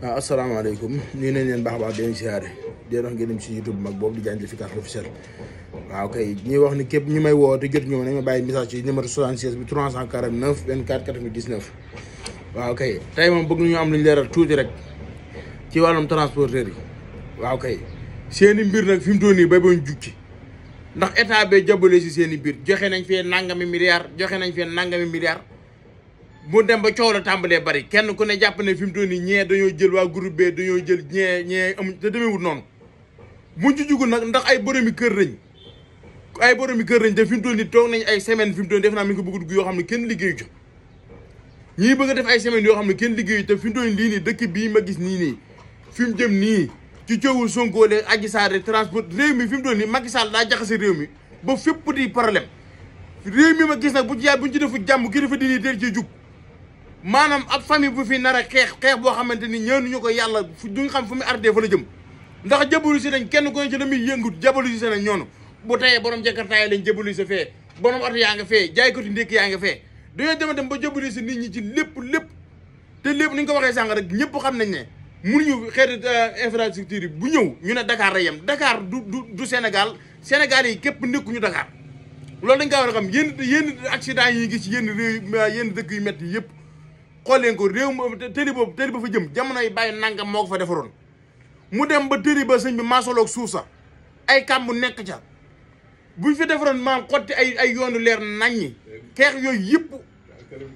waaw ah, asalaamaaleykum nuyu nañ ne baax baax di leen siyaare di leen wax ngeen si youtube mag boobu di Diagne Efficace l'officiel waaw kay ñuy wax ni képp ñu may woo te jot ñu ma nañ ma bàyyi message ci numéro 76 bi 349 24 99 waaw kay tey moom bëgg nañu am lu ñu leeral tuuti rek ci wàllum transporteur yi waaw kay seeni mbir nag fi mu toll nii bay bañ jukki ndax état bee jàppale si seeni mbir joxe nañ fee nangami milliards joxe nañ fee nangami milliards mu dem ba coow la tàmbalee bari kenn ku ne jàpp ne fi mu toll nii ñee dañoo jël waa groupe dañoo jël ñee ñee amuñ te demeewul noonu buñ ci jugul nag ndax ay boromi kër lañ ay boromi kër lañ te fi mu toll nii toog nañ ay semaine fi mu toll nii def naa mi ngi ko bëgg xam ne kenn liggéeyu ci ñii bëgg a def ay semaines yoo xam ne kenn liggéeyu te fi mu toll nii nii dëkk bii ma gis nii nii fi jëm nii ci coowul Sonko leeg Adji Sarr transport réew mi fi mu toll nii Macky Sall daa jaxase réew mi ba fépp di problème réew mi ma gis nag bu ci yaay buñ ci defu jàmm kilifa dini teel ci jug maanaam ab famille bu fi nar a xeex boo xamante ni ñaanuñu ko yàlla fu duñ xam fu mu ardee fa jëm ndax jabalu si nañ kenn ko ci la muy yëngut jabalu si nañ ñoonu bu tayee borom jakartaay lañ jabalu si fee yaa nga fee jaaykatu ndékk yaa nga fee dem dem ba jabalu si nit ñi ci lépp lépp te lépp ni ñu ko waxee sànq rek ñëpp xam nañ ne mënuñu xeetu euh, infrastructure yi bu ñëw ñu ne Dakar la yem Dakar du du du Sénégal Sénégal yi képp nekkuñu Dakar loolu dañ kaa war xam yenn yenn accident yi ngi ci yenn réew yenn dëkk yi métti yëpp xool leen ko réew ma boobu tëli ba fa jëm jamonoy bàyyi nanga moo ko fa defaroon mu dem ba tëli ba sëñ bi maasoloog suuf sa ay kàmb nekk ca buñ fi defaroon maam xotti ay ay yoonu leer naññi xeex yooyu yëpp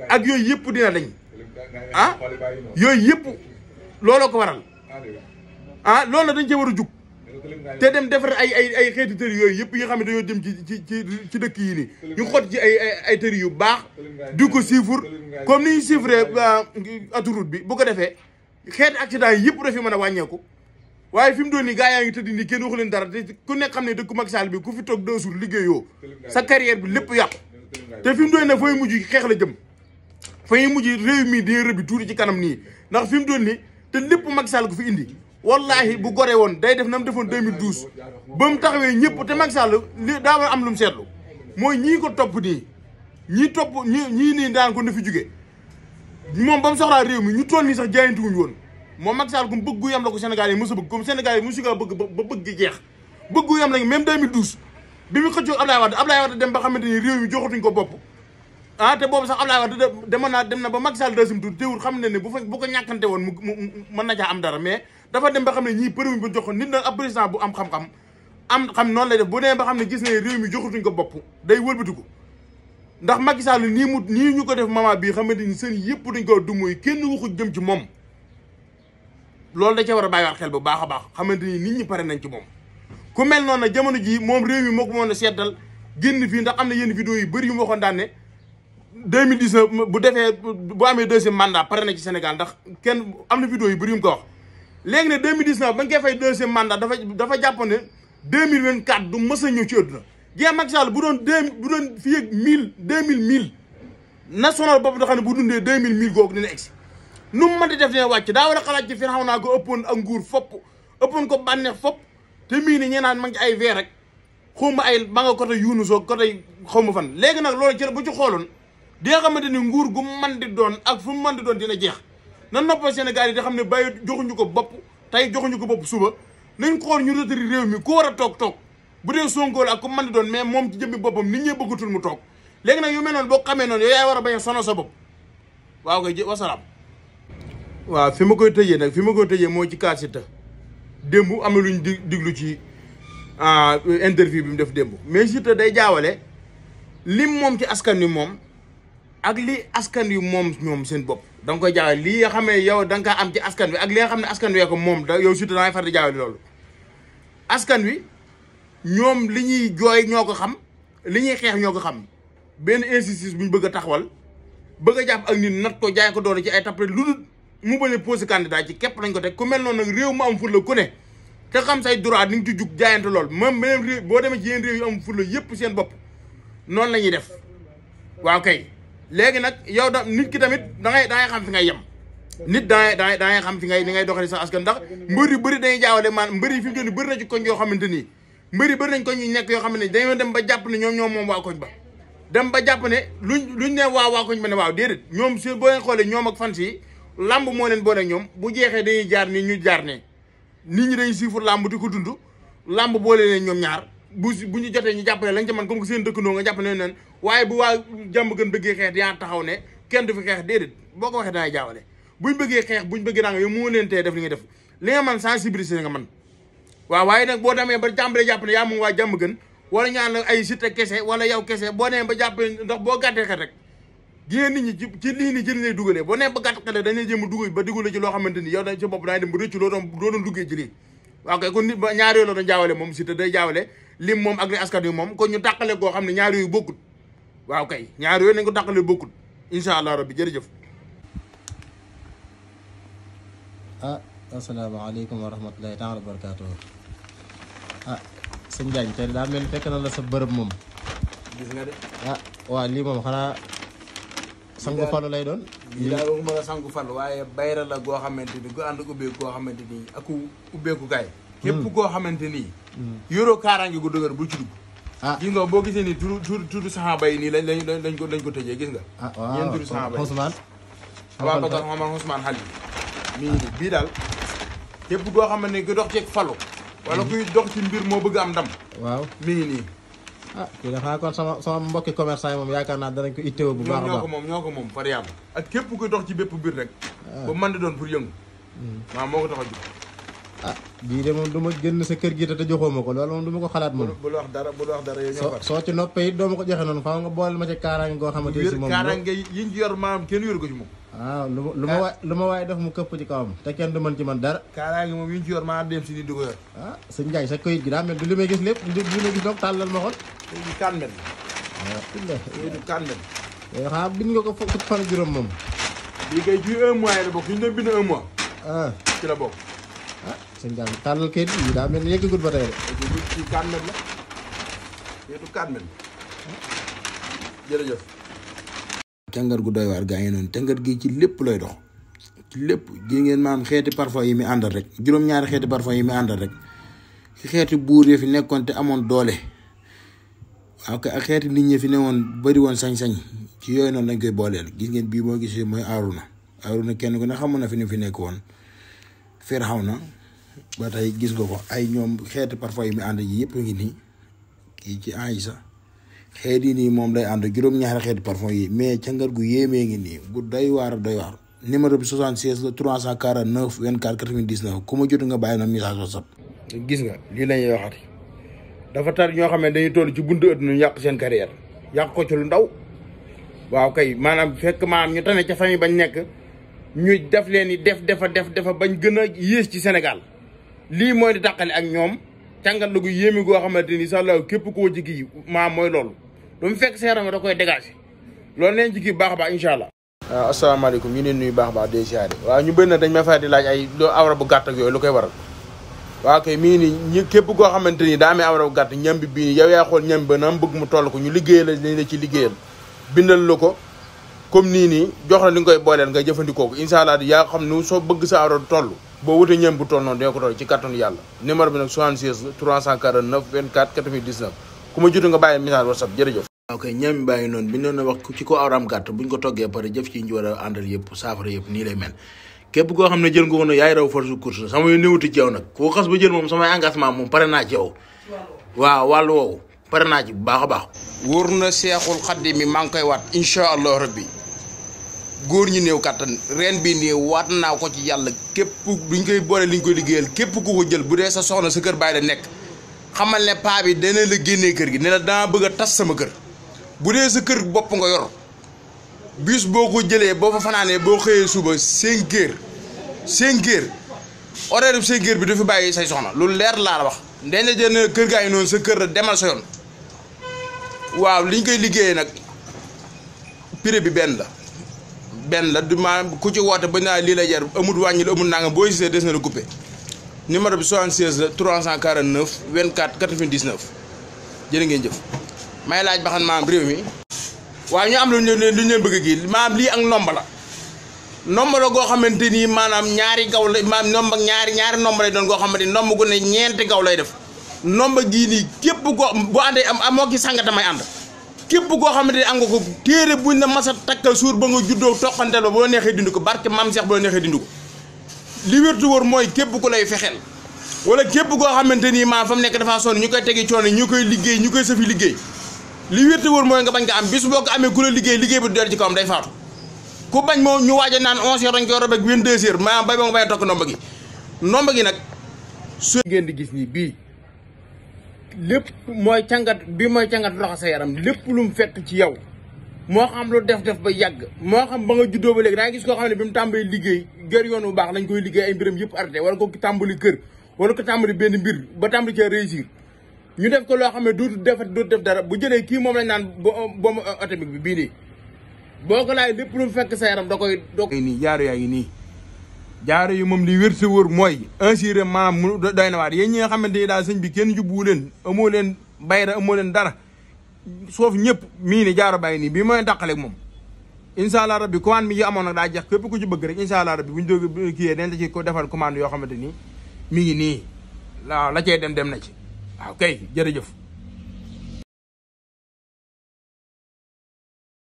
ak yooyu yëpp dina dañ ah yooyu yëpp looloo ko waral ah loolu dañ cee war a jug te dem defar ay ay ay xeeti tëri yooyu yëpp yi nga xam ne dañoo jëm ci ci ci ci dëkk yi nii ñu xot ci ay ay tëri yu baax du ko siifur comme ni ñu chiffré euh, autoroute bi bu ko defee xeet accident yi yëpp dafi mën a wàññeeku waaye fi mu doon nii gaa yaa ngi tëdd nii kenn waxu leen dara te ku nekk xam ne dëkku Macky Sall bi ku fi toog deux jours liggéeyoo sa carrière bi lépp yàqu te fi mu doon ne fooy mujj xeex la jëm fooy mujj réew mi day rëbbi tuuti ci kanam nii ndax fi mu doon nii te lépp Macky Sall ko fi indi wallahi bu gore woon day def na mu defoon 2012 ba mu taxawee ñëpp te Macky Sall li daa war am lu mu seetlu mooy ñii ko topp nii ñi topp ñi ñii nii daan ko na fi jugee moom ba mu soxlaa réew mi ñu toll nii sax jaayantuwuñu woon moo Macky Sall gu bëgg gu yem la ko Sénégal yi mos a bëgg comme Sénégal yi mosu ko bëgg bëgg gi jeex bëgg gu yem lañ même 2012 bi mu xëccoo Ablaye Wade Ablaye Wade dem ba xamante ni réew mi joxatuñ ko bopp ah te boobu sax Ablaye Wade demoon naa dem na ba Macky Sall deuxième tour teewul xam ne ne bu fa bu ko woon mu mën na caa am dara mais dafa dem ba xam ne ñii përiwuñ ba jox ko nit na am xam-xam am xam noonu lay def bu demee xam ne gis ne réew mi joxatuñ ko bopp day wëlbatiku ndax Macky Sall nii mu nii ñu ko def moment bi xamante ni seen yëpp dañ ko du muy kenn waxu jëm ci moom loolu da ca war a bàyyiwaat xel bu baax a baax xamante ni nit ñi pare nañ ci moom ku mel noonu jamono jii moom réew mi moo ko mën a seddal génn fii ndax am na yenn vidéo yi bëri yu ma waxoon daan ne deux mille dix-neuf bu defee bu amee deuxième mandat pare na ci Sénégal ndax kenn am na vidéo yu bëri yu mu ko wax léegi ne deux mille dix-neuf ba nga koy fay dafa dafa jàpp ne deux mille vingt-quatre du mës gée Macky Sall bu doon deux bu doon fii ak mille deux mille mille national boobu nga xam ne bu dundee deux mille mille googu dina egsi nu mu mënti def ne wàcc daa war a xalaat ci fi xaw naa ko ëppoon ak nguur fopp ëppoon ko bànneex fopp te mii ni ñee naan ma ngi ci ay veer rek xaw ma ay ba nga côté soo ak côté xaw ma fan léegi nag loolu ci bu ci xooloon di nga xamante ni nguur gu mën di doon ak fu mu mën di doon dina jeex na noppal Sénégal yi di xam ne bàyyi joxuñu ko bopp tey joxuñu ko bopp suba nañ xool ñu retari réew mi ku war a toog toog bu dee Sonko la ak ku doon mais moom ci jëmmi boppam nit ñee bëggatul mu toog léegi nag yu mel noonu boo xamee noonu yow yaay war a bañ a sonal sa bopp waaw kay jë wasalaam. waaw fi ma koy tëjee nag fi ma koy tëjee moo ci kaas si tax démb di diglu ci ah, interview bi mu def démb mais surtout day jaawale lim moom ci askan wi moom ak li askan wi moom ñoom seen bopp. da koy jaawale li nga xam yow da nga am ci askan wi ak li nga xam ne askan wi ko moom da yow surtout da ngay far di jaawale loolu askan wi. ñoom li ñuy jooy ñoo ko xam li ñuy xeex ñoo ko xam benn injustice bu ñu bëgg a taxawal bëgg a jàpp ak nit nat ko jaay ko doole ci ay tapale lu dul mu bañ a posé candidat ci képp nañ ko teg ku mel noonu nag réew mu am fulla ku ne te xam say droit ni nga ci jug jaayante lool même beneen réew boo demee ci yéen réew yu am fulla yëpp seen bopp noonu la ñuy def waa kay léegi nag yow da nit ki tamit da ngay da xam fi ngay yem nit dangay dangay da ngay xam fi ngay ni ngay doxali sa askan ndax mbër yu bëri dañuy jaawale maanaam mbër yi fi mu toll bëri na ci koñ yoo xamante nii mbëri bëri nañ ko ñu nekk yoo xam ne dañoo dem ba jàpp ne ñoom moom waa koñ ba dem ba jàpp ne lu luñ ne waaw waa koñ ba ne waaw déedéet ñoom su boo leen xoolee ñoom ak fans yi làmb moo leen boole ñoom bu jeexee dañuy jaar ni ñu jaar ne nit ñi dañuy siifur làmb di ko dund làmb boole ñoom ñaar bu bu ñu jotee ñu jàpp ne lañ ca man comme que seen noo nga jàpp ne leen waaye bu waa jàmb gën bëggee xeex yaa taxaw ne kenn du fi xeex déedéet boo ko waxee danay jaawale buñ bëggee xeex buñ bëggee naa nga yow moo leen tee def li nga def li nga man sensibiliser nga man waaw waaye nag boo demee ba jàmbale jàpp ne yaa moom waa jàmm gën wala ñaan la ay Cité kese wala yow kese boo nee ba jàpp ndox boo gàttee xet rek jigéen nit ñi ci ci lii ni ci li lay dugalee boo nee ba gàtt xet rek dañuy jéem ba dugal ci loo xamante ni yow da ci bopp daay dem ba rëccu loo doon loo doon duggee ci lii waaw kay kon ñaar yooyu la doon jaawale moom Cité day jaawale lim moom ak li askan wi moom ko ñu tàqale koo xam ne ñaar yooyu bokkut waaw kay ñaar yooyu nañ ko tàqale bokkut incha allah rabbi jërëjëf ah assalamualaikum warahmatullahi rahmatulahi taala wa ah sëñ Diagne te daa mel fekk na la sa bërëb mom gis nga de. ah wa li mom xana sangu fallu lay don lii daal waxuma la sangu fallu waye bayra la go xamanteni ni gu ànd ak ubbeeku goo xamante ni ak ubbeeku kaay. képp koo xamante ni. yoroo gu dëgër bu ci dug ah gis nga bo gisee ni tur tur tur sahaba yi ni lañ lañ lañ ko lañ ko tëjee gis nga. ah waaw ñeent turu saxaaba yi Ousmane. Abubakar Omar Ousmane Xali. mi bi dal képp koo xam ne ku dox ceeg falu. wala kuy dox ci mbir moo bëgg am ndam. waaw mi ngi nii. ah kii de xanaa kon sama sama mbokki commerçant yi moom yaakaar naa danañ ko itteewoo bu baax baax moom ñoo ko moom far yàlla ak képp kuy dox ci bépp mbir rek. Ah. ba man di doon pour yëngu. Hmm. waaw moo ko tax a jóg. ah bii de moom du ma génn sa kër gi te joxoo ma ko loolu moom du ma ko xalaat moom bul wax dara bul wax dara yow ñoo soo ci noppee it doo ma ko joxe noonu faaw nga boole ma ci kaaraange goo xamante ni si moom kaaraange yi ñu yor maam kenn yoru ko ci moom waaw ah, lu ah. lu ma waay lu ma waaye def mu këpp ci kawam te kenn du mën ci man dara kaaraange moom yi ñu ci yor maam dem si nii du ko yor ah sëñ Ndiaye sa këyit gi daa mel du li may gis lépp du li may gis donc tàllal ma xol du kan mel waaw ah, du kan mel yow eh, xaa bind nga ko fukki fan juróom moom bii kay ci un mois la bokk ñu doon bind un mois ci la bokk Sénégal tànnal kayit yi daa mel ni yëggagul ba tey de. kàmmel la kayitu kàmmel jërëjëf. càngat gu doy waar gaa ngi noonu càngat gi ci lépp lay dox ci lépp ji ngeen maam xeeti parfum yi andal, àndal rek juróom-ñaari xeeti parfum yi andal. àndal rek xeeti buur yi ya fi nekkoon te amoon doole ak ak xeeti nit ñi fi ne woon bëri sañ-sañ ci yooyu noonu lañ koy booleel gis ngeen gisee kenn fi ni fi na ba tey gis nga ko ay ñoom xeeti parfum yi mu ànd yi yëpp ngi nii kii ci Aïssa xeet yi nii moom lay ànd juróom-ñaari xeeti parfum yi mais cangat gu yéemee ngi nii bu doy waar day waar numéro bi 76 la 349 24 99 ku ma jot nga bàyyi na message WhatsApp gis nga lii la ñuy waxati dafa tar ñoo xam ne dañuy toll ci buntu ëtt ñu yàq seen carrière yàq ko ci lu ndaw waaw kay maanaam fekk maanaam ñu tane ca famille bañ nekk ñuy def leen ni def defa def defa bañ gën a yées ci senegal lii mooy di tàqale ak ñoom càngat la gu yéeme goo xamante ni sa la képp koo jigi maa mooy loolu lu mu fekk seeram da koy dégager loolu leen jigi baax baax incha allah. waaw ah, asalaamaaleykum ñu leen nuyu baax baax di ziare waaw ñu bëri dañ may fay di laaj ay loo awra bu gàtt ak yooyu lu koy waral waaw kay mii nii ñi képp koo xamante ni daa amee awra bu gàtt ñambi bi bii yow yaa xool ñam ba na bëgg mu toll ko ñu liggéeyal la dañ la ci bindal la ko. comme ni ni jox la li nga koy booleel nga jëfëndiko ko inshallah ya xam nu so bëgg sa aro toll bo wuté ñeem bu toll noonu ko toll ci carton yalla numéro bi nak 76 349 24 99 ku ma jotu nga bàyyi message whatsapp jërëjëf ok ñaami bàyyi non bi noonu wax ci ko aram gatt buñ ko toggé paré jëf ci ñu wara andal yépp safara yépp ni lay mel képp koo xamné jël nga ko yaay raw force course sama yu néewuti ci yow nak ko xass ba jël mom sama engagement mom paré na ci yow waaw wàllu woowu paré na ci baaxa baax wurna cheikhul khadim mi mang koy wat inshallah rabbi góor ñi néew kàttan reen bii nii waat naa ko ci yàlla képp duñ koy boole ñu koy liggéeyal képp ku ko jël bu dee sa soxna sa kër bàyyi la nekk xamal ne paa bi dana la génnee kër gi ne la bëgg a tas sama kër bu dee sa kër bopp nga yor bis boo ko jëlee boo fa fanaanee boo xëyee suba cinq heures cinq heures horaire bi bi du bàyyi say soxna lu leer laa wax dañ la jël kër gaa yi noonu sa kër demal sa yoon waaw liñ koy liggéeyee nag prix bi benn la benn la du maanaam ku ci woote ba naa lii lay jar amul wàññi la amul nangam boo gisee des na la coupé numéro bi 76 la 349 24 99 jërë ngeen jëf may laaj ba xam maam réew mi waaye ñu am la ñu lu ñu bëgg gi maam lii ak nomba la nomba la goo xamante ni maanaam ñaari gaw la maam nomba ñaari ñaari nomba lay doon goo xamante ni nomba gu ne ñeenti gaw lay def nomba gii nii képp ko bu àndee am moo ki sàngata may ànd képp koo xamante ni am ko téere buñ la mas a takkal suur ba nga juddoo toqantel ba boo neexee dindi ko barke maam Cheikh boo neexee dindi ko li wértu mooy képp ku lay fexeel wala képp koo xamante nii maam fa mu nekk dafa sonn ñu koy tegi coono ñu koy liggéey ñu koy sëfi liggéey li wértu wóor mooy nga bañ nga am bis boo ko amee ku la liggéey liggéey bi dool ci kawam day faatu ku bañ moo ñu waaj a naan onze heures dañ koy robeeg vingt ba a tokk ndomba nag su ngeen di gis nii bii lépp mooy cangat bi mooy cangat loxo sa yaram lépp lu mu fekk ci yow moo xam lu def def ba yàgg moo xam ba nga juddoo ba léegi naa gis koo xam ne bi mu tàmbalee liggéey gër yoon bu baax lañ koy liggéey ay mbiram yëpp arrêté wala ko tàmbali kër wala ko tàmbali benn mbir ba tàmbali cee réussir ñu def ko loo xam ne du defat dootu def dara bu jëlee kii moom lañ naan bombe atomique bi bii nii boo ko laaj lépp lu mu fekk sa yaram da koy da nii jaaru yaa ngi nii jaaro yi moom li wér sa wóor mooy assurément mu doy na waar yéen ñi nga xamante ni daal sëñ bi kenn jubbu leen amoo leen bayra amoo leen dara soof ñëpp mii ni jaaro bàyyi nii bii mooy dàqaleeg moom incha allah rabbi commande mi yi amoon nag daa jeex képp ku ci bëgg rek incha allah rabbi bu ñu dóog kiyee dañ ci ko defal commande yoo xamante ni mi ngi nii waaw la cay dem dem na ci waaw kay jërëjëf